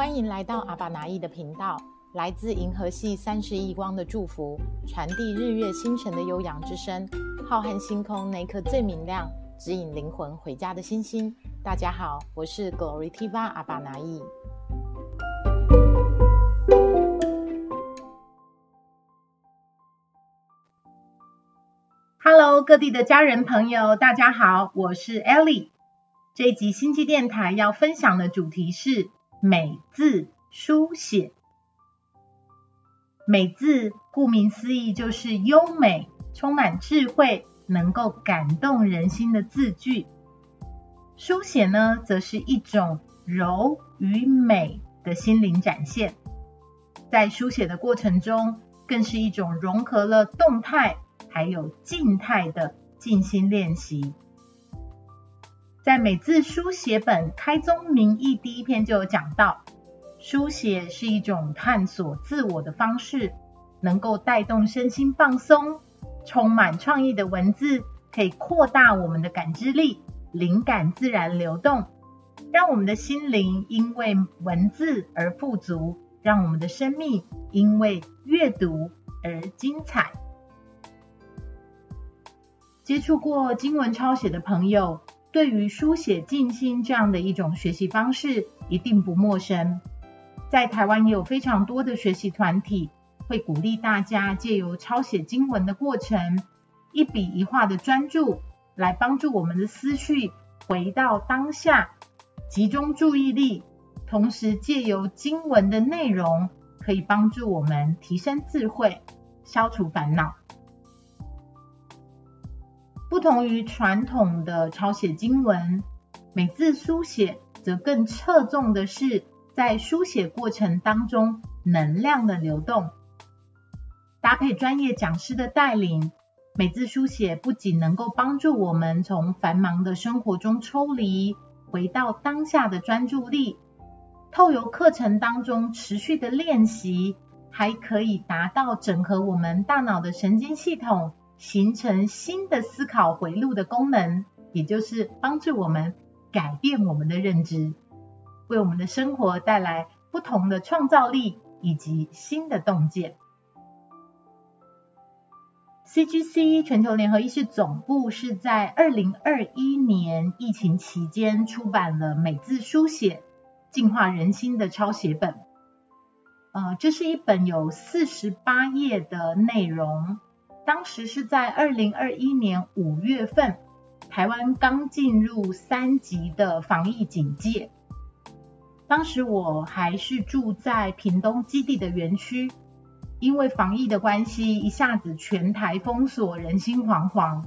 歡迎來到阿爸拿意的頻道，來自銀河系三十億光的祝福，傳遞日月星辰的悠揚之聲，浩瀚星空那顆最明亮，指引靈魂回家的星星。大家好，我是 Glory Tiva 阿爸拿意。Hello，各地的家人朋友，大家好，我是 Ellie。這一集星際電台要分享的主題是。美字書寫，美字顧名思義就是優美、充滿智慧、能夠感動人心的字句。書寫呢，則是一種柔與美的心靈展現。在書寫的過程中，更是一種融合了動態還有靜態的靜心練習。在美字書寫本開宗明義第一篇就有講到，書寫是一種探索自我的方式，能夠帶動身心放鬆，充滿創意的文字可以擴大我們的感知力，靈感自然流動，讓我們的心靈因為文字而富足，讓我們的生命因為閱讀而精彩。接觸過經文抄寫的朋友，對於書寫靜心這樣的一種學習方式，一定不陌生。在台灣也有非常多的學習團體，會鼓勵大家借由抄寫經文的過程，一筆一畫的專注，來幫助我們的思緒回到當下，集中注意力，同時借由經文的內容，可以幫助我們提升智慧，消除煩惱。不同於傳統的抄寫經文，每次書寫則更側重的是在書寫過程當中能量的流動。搭配專業講師的帶領，每次書寫不僅能夠幫助我們從繁忙的生活中抽離，回到當下的專注力；透由課程當中持續的練習，還可以達到整合我們大腦的神經系統。形成新的思考回路的功能，也就是幫助我們改變我們的認知，為我們的生活帶來不同的創造力以及新的洞見。CGC 全球聯合意識總部是在二零二一年疫情期間出版了美字書寫淨化人心的抄寫本，呃，這是一本有四十八頁的內容。當時是在二零二一年五月份，台灣剛進入三級的防疫警戒。當時我還是住在屏東基地的園區，因為防疫的關係，一下子全台封鎖，人心惶惶。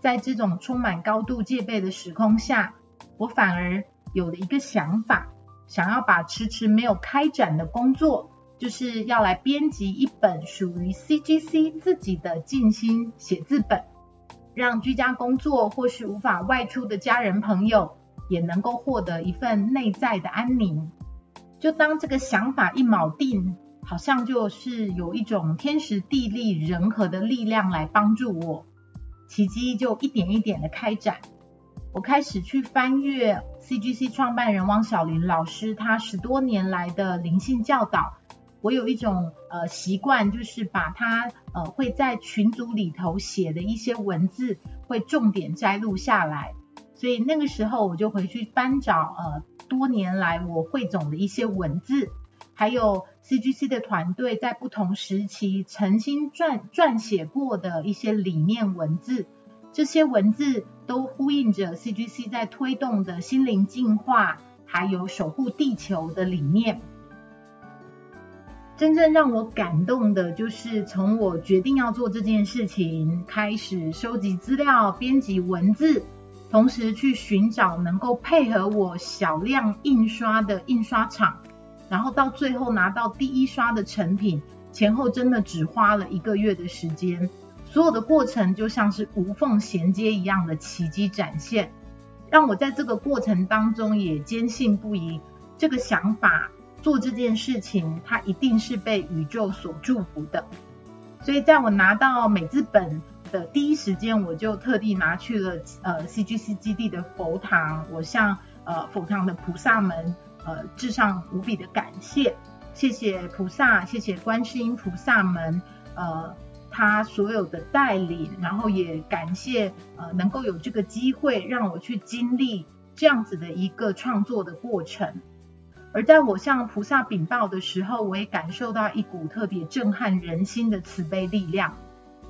在這種充滿高度戒備的時空下，我反而有了一個想法，想要把遲遲沒有開展的工作。就是要來編輯一本屬於 CGC 自己的靜心寫字本，讓居家工作或是無法外出的家人朋友也能夠獲得一份內在的安寧。就當這個想法一錨定，好像就是有一種天時地利人和的力量來幫助我，奇蹟就一點一點的開展。我開始去翻閱 CGC 創辦人汪小林老師他十多年來的靈性教導。我有一種呃習慣，就是把他呃會在群組裡頭寫的一些文字，會重點摘錄下來。所以那個時候我就回去翻找呃多年來我匯總的一些文字，還有 CGC 的團隊在不同時期曾經撰撰寫過的一些理念文字。這些文字都呼應着 CGC 在推動的心靈進化，還有守護地球的理念。真正讓我感動的，就是從我決定要做這件事情開始，收集資料、編輯文字，同時去尋找能夠配合我小量印刷的印刷廠，然後到最後拿到第一刷的成品，前後真的只花了一個月的時間，所有的過程就像是無縫銜接一樣的奇蹟展現，讓我在這個過程當中也堅信不疑這個想法。做這件事情，他一定是被宇宙所祝福的。所以，在我拿到美字本的第一時間，我就特地拿去了呃 CGC 基地的佛堂，我向呃佛堂的菩薩們呃致上無比的感謝，謝謝菩薩，謝謝觀世音菩薩們呃他所有的帶領，然後也感謝呃能夠有這個機會讓我去經歷這樣子的一個創作的過程。而在我向菩薩稟報的時候，我也感受到一股特別震撼人心的慈悲力量。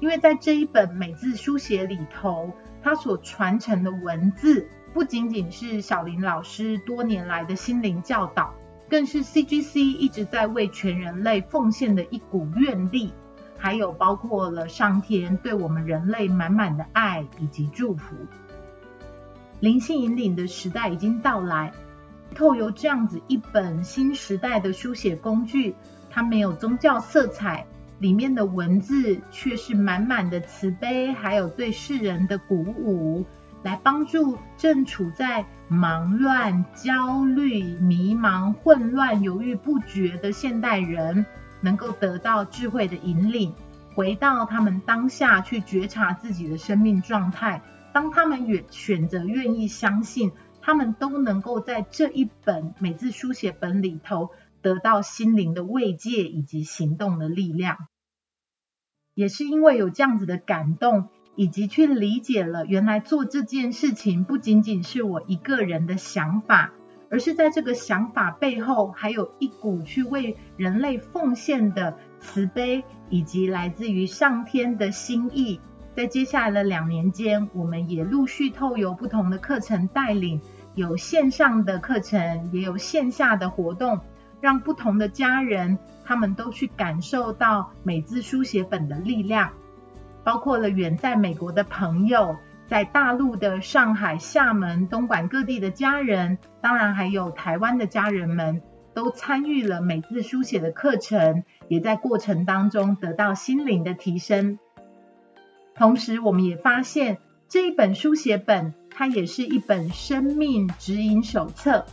因為在這一本美字書寫裡頭，它所傳承的文字，不僅僅是小林老師多年來的心靈教導，更是 CGC 一直在為全人類奉獻的一股願力，還有包括了上天對我們人類滿滿的愛以及祝福。靈性引領的時代已經到來。透過這樣子一本新時代的書寫工具，它沒有宗教色彩，裡面的文字卻是滿滿的慈悲，還有對世人的鼓舞，來幫助正處在忙亂、焦慮、迷茫、混亂、猶豫不決的現代人，能夠得到智慧的引領，回到他們當下去覺察自己的生命狀態。當他們也選擇願意相信。他們都能夠在這一本美字書寫本裡頭得到心靈的慰藉，以及行動的力量，也是因為有這樣子的感動，以及去理解了原來做這件事情不僅僅是我一個人的想法，而是在這個想法背後還有一股去為人類奉獻的慈悲，以及來自於上天的心意。在接下來的兩年間，我們也陸續透過不同的課程帶領，有線上的課程，也有線下的活動，讓不同的家人他們都去感受到美字書寫本的力量。包括了遠在美國的朋友，在大陸的上海、廈門、東莞各地的家人，當然還有台灣的家人們，都參與了美字書寫的課程，也在過程當中得到心靈的提升。同時，我們也發現這一本書寫本，它也是一本生命指引手冊。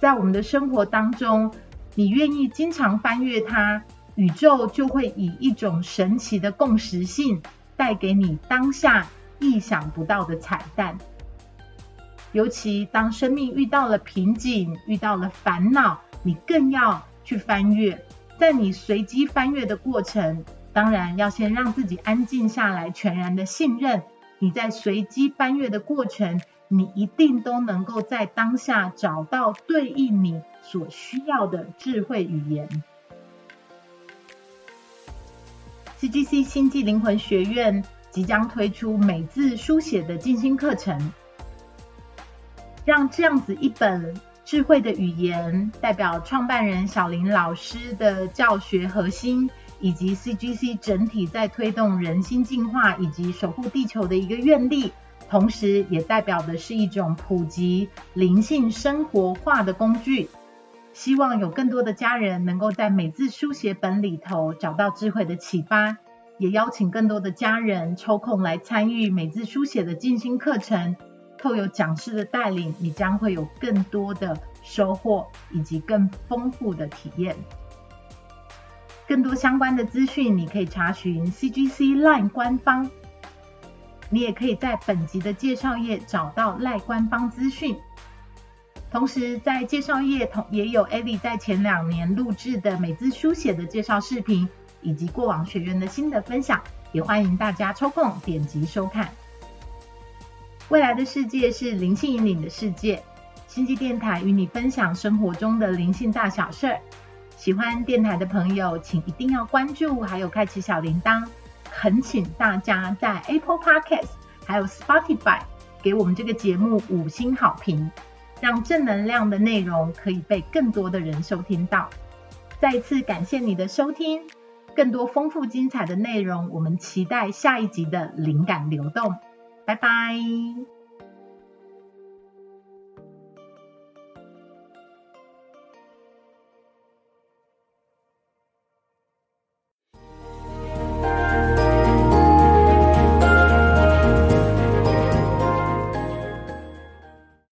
在我們的生活當中，你願意經常翻閱它，宇宙就會以一種神奇的共識性，帶給你當下意想不到的彩蛋。尤其當生命遇到了瓶頸、遇到了煩惱，你更要去翻閱。在你隨機翻閱的過程。當然，要先讓自己安靜下來，全然的信任。你在隨機翻閱的過程，你一定都能夠在當下找到對應你所需要的智慧語言。CGC 星際靈魂學院即將推出美字書寫的進階課程，讓這樣子一本智慧的語言代表創辦人小林老師的教學核心。以及 CGC 整體在推動人心進化以及守護地球的一個願力，同時也代表的是一種普及靈性生活化的工具。希望有更多的家人能夠在美字書寫本裡頭找到智慧的啟發，也邀請更多的家人抽空來參與美字書寫的靜心課程。透過講師的帶領，你將會有更多的收穫以及更豐富的體驗。更多相關的資訊，你可以查詢 CGC Line 官方，你也可以在本集的介紹頁找到 Line 官方資訊。同時，在介紹頁同也有艾莉在前兩年錄制的美字書寫的介紹視頻，以及過往學員的心得分享，也歡迎大家抽空點擊收看。未來的世界是靈性引領的世界，星際電台與你分享生活中的靈性大小事兒。喜歡電台的朋友，請一定要關注，還有開啟小鈴鐺。懇請大家在 Apple Podcast 還有 Spotify 給我們這個節目五星好評，讓正能量的內容可以被更多的人收聽到。再一次感謝你的收聽，更多豐富精彩的內容，我們期待下一集的靈感流動。拜拜。